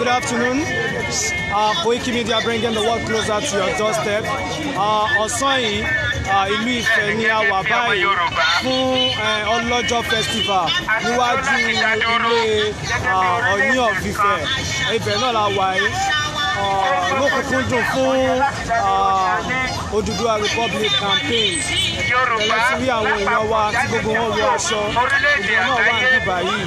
good afternoon. Uh, Koiki Media bringing the world closer to your doorstep. Uh, ọ̀sán yìí ìlú Ifẹ̀ ni a wà báyìí fún eh, festival níwájú ilé uh, Ọ̀ọ̀ni of Ifẹ̀. Ibẹ̀ náà la wà yìí lókùnkùn uh, dùn fún uh, Odùduwà Republic campaign pẹ̀lú ti rí àwọn èèyàn wa tí gbogbo wọn wọ aṣọ ìgbìmọ̀ náà wà níbàyìí.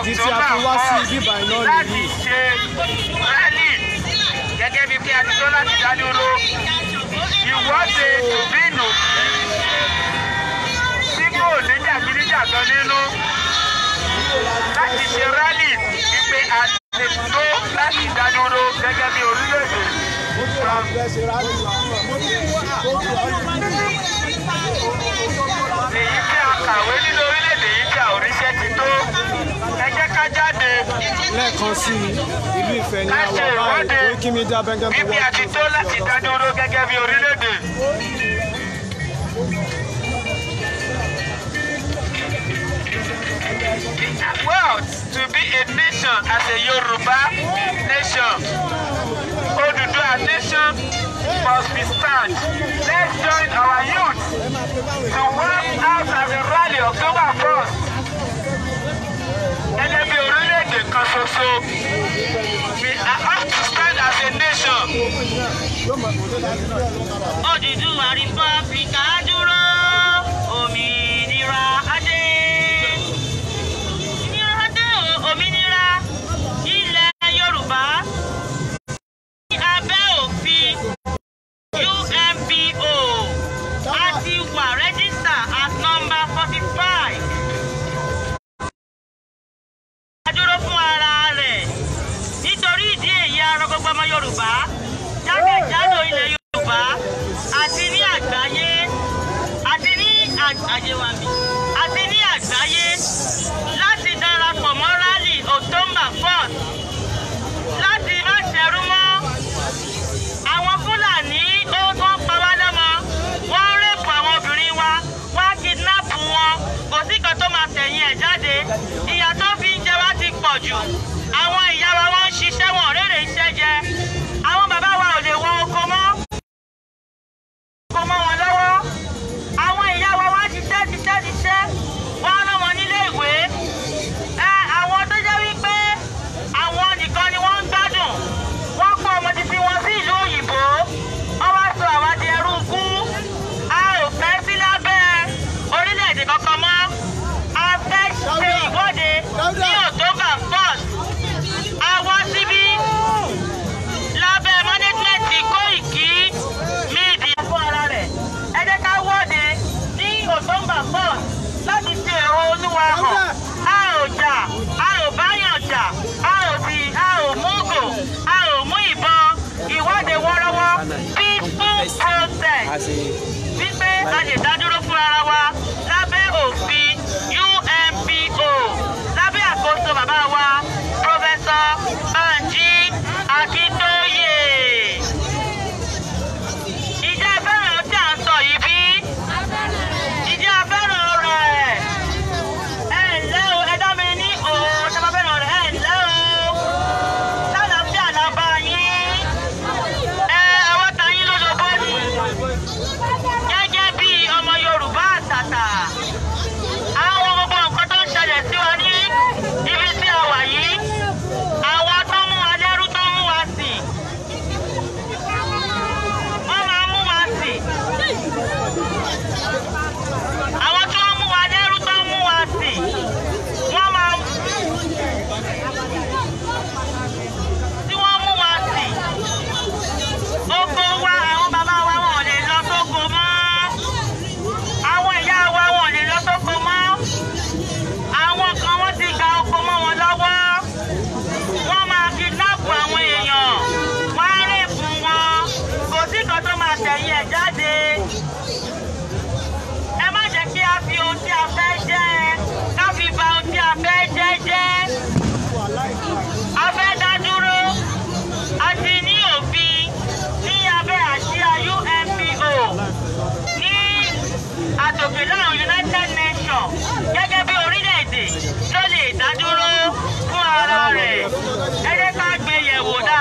ìdí tí a fi wá sí ibi ìbànú nìyí. rally gẹ́gẹ́ bíi pé a ti tó láti dádúró ìwọ́de ìbínú tí kò ní jàgídíjàgan nínú láti ṣe rally wípé a ti tó láti dádúró gẹ́gẹ́ bíi orílẹ̀-èdè. èyí tí a kàwé nínú orílẹ̀ ètò ẹ ká jáde. lẹ́ẹ̀kan sí ìlú Ifẹ̀ ni àwọn báyìí Koikimi dá bẹ́ńgẹ́ bí wọ́n. bíbí àti tó láti dádúró gẹ́gẹ́ bí orílẹ̀-èdè. Well, to be a nation as a Yoruba nation, Oduduwa nation must be stand. Let's join our youth to work out as a rally October 1st kan ṣoṣo we have to stand as a nation. Odùduwà Republic. 吧。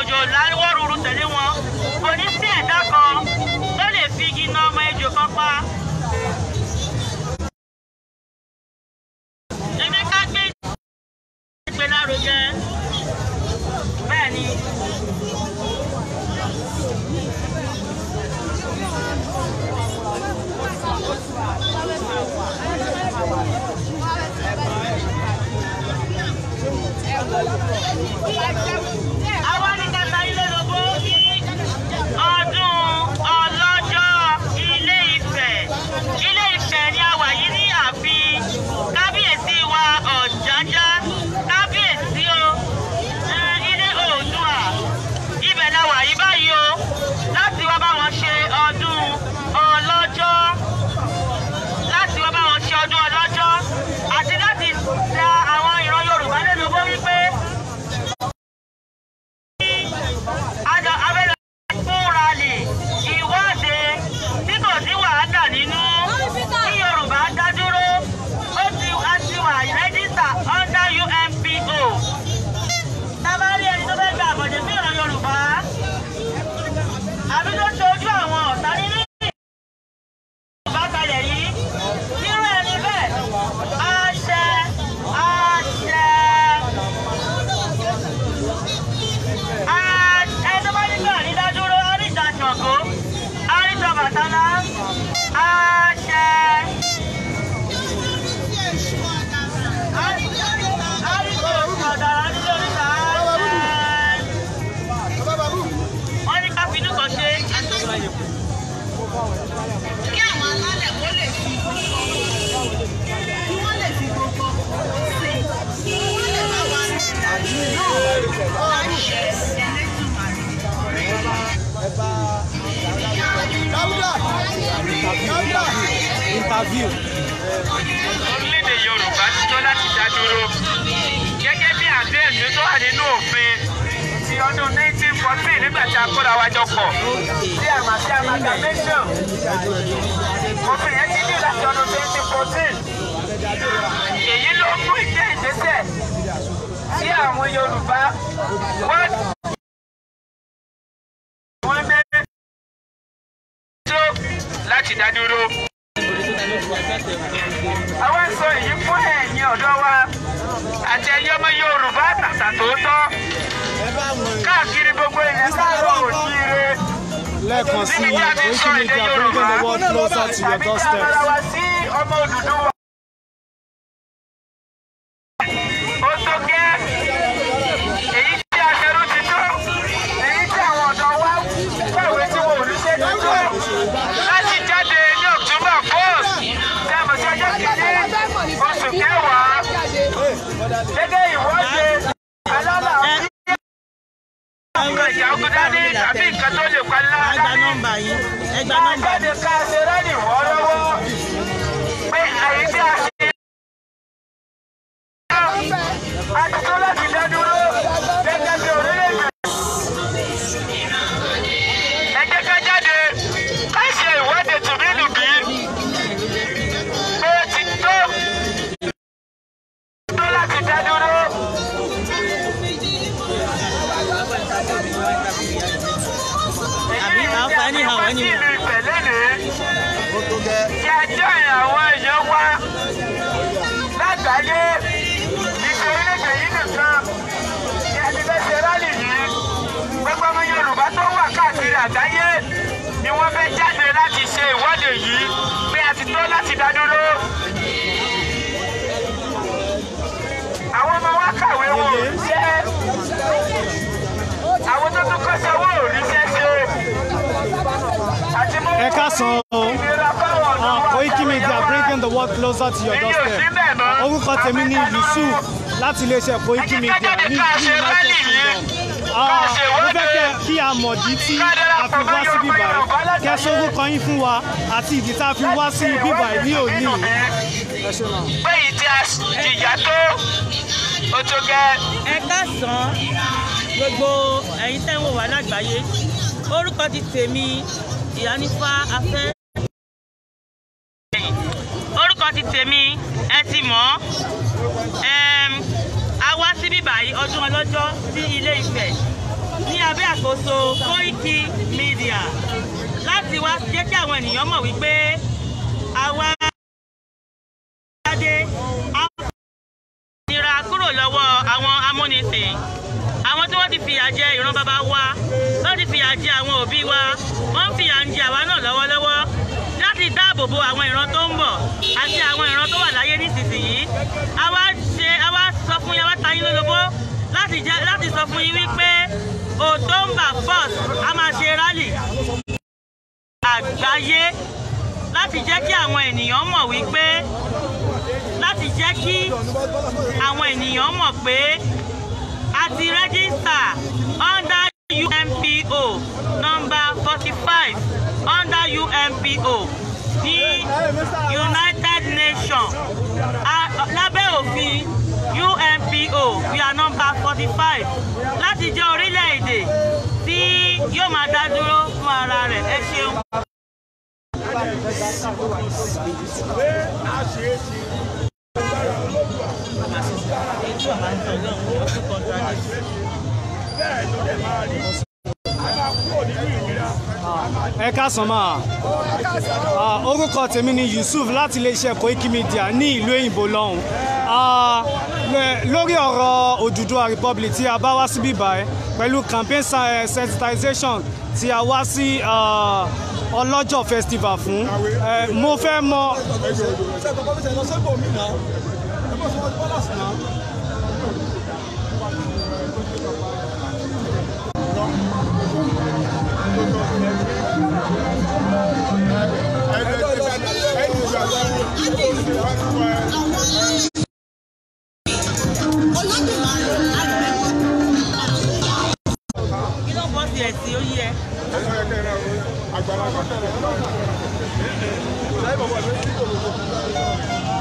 òjò láwọ́ ruru tẹ̀lé wọn kò ní sí ẹ̀dá kan tó lè fi igi na ọmọ ejò kan pa. kí àwọn alálẹ̀ interview. Orílẹ̀-èdè Yorùbá ti tó láti dá dúró gẹ́gẹ́ bí àbẹ́ẹ̀dún tó wà nínú òfin láti ọdún 1914 nígbà tí a kóra wa jọ pọ̀ sí àmàsí amalgamation òfin yẹn ti dé láti ọdún 2014 èyí ló fún ìgbé ìgbésẹ̀ sí àwọn Yorùbá wọ́n wọ́n gbé tó láti dádúró. àwọn sọ èyí fún ẹ̀yin ọ̀dọ́ wa àti ẹ̀yin ọmọ Yorùbá tàtà tòótọ́ káàkiri gbogbo ilẹ̀ káàárọ̀ òjíire. lẹ́ẹ̀kan sí i oríṣiríṣi àbúrò gẹ́gẹ́ wọ́n lọ́sà ti your doorstep. jáde ká ṣe rẹ́dì wọ́ lọ́wọ́ pé àyè tí a ṣe. ẹjọ́ àwọn èèyàn wá lágbàáyé ìgbé orílẹ̀-èdè yìí nìkan ni a ti rálì yìí gbogbo ọmọ Yorùbá tó wà káàkiri àgbáyé ni wọ́n fẹ́ jáde láti ṣe ìwọ́de yìí pé a ti tó láti dá dúró. àwọn ọmọ wa kàwé wọn ò ríṣẹ́ àwọn tó tún kọ́ sọ́wọ́ ò ríṣẹ́ ṣe ẹ ká sọ the world closer to your doorstep orúkọ tèmi ni Yusuf láti iléeṣẹ́ Koiki Media ní United Kingdom ah, mo fẹ́ kẹ́ kí a mọ̀ dí tí a fi wá sí bíbá yìí kẹ́ sórúkọ yín fún wa àti ìdí tá a fi wá sí bíbá yìí ní òní. pé ìdí ìyá tó o tó gẹ. ẹ káàsán gbogbo ẹ̀yin tẹ́ ń wò wá lágbàáyé orúkọ ti tèmi ìyánífá afẹ́ tèmi ẹ ti mọ̀ a wá síbí báyìí ọdún ọlọ́jọ́ sí ilé Ifẹ̀ ní abẹ́ àkóso Koiki Media láti wá jẹ́ kí àwọn ènìyàn mọ̀ wípé àwa dé nira kúrò lọ́wọ́ àwọn amúnisìn àwọn tí wọ́n ti fìyà jẹ ìran bàbá wa wọ́n ti fìyà jẹ àwọn òbí wa wọ́n fìyà ń jẹ àwa náà lọ́wọ́lọ́wọ́ láti dáàbò bo àwọn ìran tó ń bọ̀ àti àwọn ìran tó wà láyé nísinsìnyí a wá ṣe a wá sọ fún yín a wá ta yín lólobó láti jẹ láti sọ fún yín wípé October first a máa ṣe rally àgbáyé láti jẹ́ kí àwọn ènìyàn mọ̀ wípé láti jẹ́ kí àwọn ènìyàn mọ̀ pé a ti rẹ́gísítà under UNPO number forty five under UNPO The United Nations lábẹ́ òfin UNPO we are number forty five láti jẹ́ orílẹ̀-èdè tí yóò máa dá dúró fún ara rẹ̀ ẹ ṣeun. Bẹ́ẹ̀ ló dé máa rí ẹ káàsán máa orúkọ tèmi ni Yusuf láti iléeṣẹ́ Koiki Media ní ìlú òyìnbó lọ́hùn lórí ọ̀rọ̀ Odùduwà Republic tí a bá wá síbí báyìí pẹ̀lú campaign eh, sensitization tí a wá sí ọlọ́jọ́ festival fún mo fẹ́ mọ. Thank you.